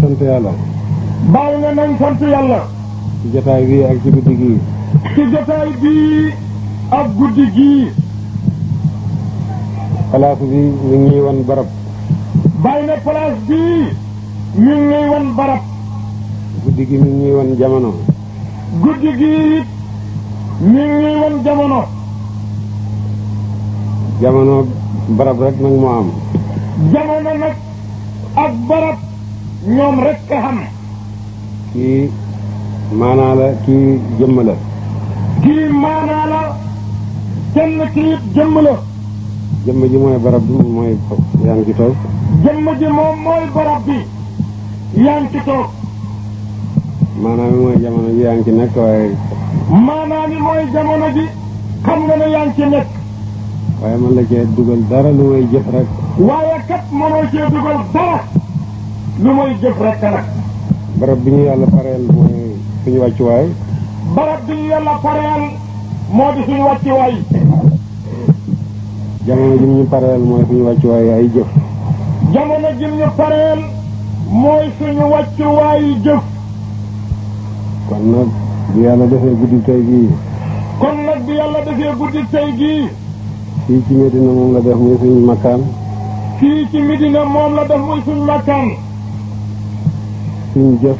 nañ sant yàlla. bàyyi ne nañ sant yàlla. ci jotaay bii ak ci guddi gii. ci jotaay bii ak guddi gii. place bi mi ngi wan barab. bàyyi ne place bii mi ngi wan barab. guddi gi mi ngi wan jamono. guddi gi it mi ngi wan jamono. jamono barab rek nag moo am. jamono nag ak barab. ñoom rek nga xam. kii maanaa la kii jëmm la. kii maanaa la kenn kii jëmm la. jëmm ji mooy barab bi mooy yaa ci toog. jëmm ji moom mooy barab bi yaa ngi ci toog. maanaam mooy jamono ji yaa ci nekk waaye. maanaam mooy jamono ji xam nga ne yaa ngi ci nekk. waaye man la cee dugal dara lu may jëf rek. waaye kat mënoo cee dugal dara. lu muy jëf rek nag. barab bi ñu yàlla pareel mooy suñu wàccuwaay. barab bi ñu yàlla pareel moo di suñu wàccuwaay. jamono ay jëf. jamono jim ñu pareel mooy suñu wàccuwaay jëf. kon nag bi yàlla defee guddi tey gii. kon nag bi yàlla defee guddi tey gii. fii ci Medina moom la def muy suñu makkaan. fii ci Medina moom la def muy suñu makkaan. suñ jëf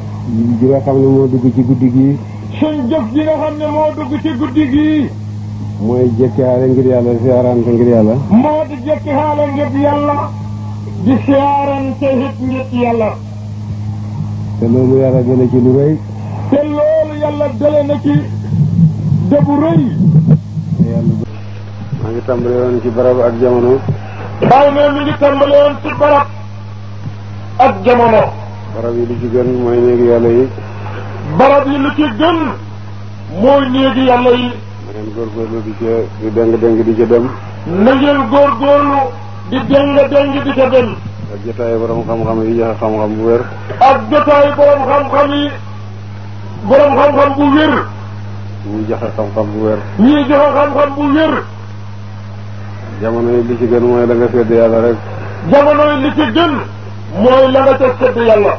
ji nga xam ne moo dugg ci guddi gii suñ jëf ji nga xam ne moo dugg ci guddi gii mooy jekki xaale ngir yàlla siyaarante ngir yàlla moo di jekki xaale ngir yàlla di siyaarante it ngir yàlla te loolu yàlla dale na ci dëbu rëy maa ngi tàmbale ci barab ak jamono bàyyi ne mi ngi tàmbale ci barab ak jamono barab yi lu ci gën mooy néegi yàlla yi barab yi lu ci gën mooy néegi yàlla yi na ngeen góorgóorlu di ca di déng déng di ca dem na ngeen góorgóorlu di déng déng di ca dem ak jotaay borom xam-xam yi joxe xam-xam bu wér ak jotaay borom xam-xam yi borom xam-xam bu wér ñuy joxe xam-xam bu wér ñuy joxe xam-xam bu wér jamono yi li ci gën mooy da nga sédd yàlla rek jamono yi li ci gën mooy la nga ca sëdd yàlla.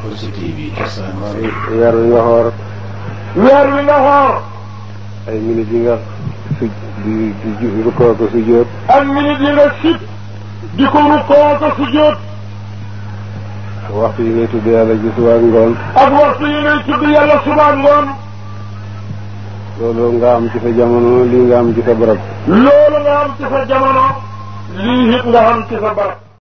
weer wi nga xoor. weer wi nga xoor. ay minutes yi nga su di ak minutes yi nga sit di ko rukkoo ko su jóot. waxtu yi ngay tudd yàlla ji ngoon. ak waxtu yi ngay tudd yàlla suba ngoon. loolu nga am ci sa jamono lii nga am ci sa barab. loolu nga am ci sa jamono lii it nga am ci sa barab.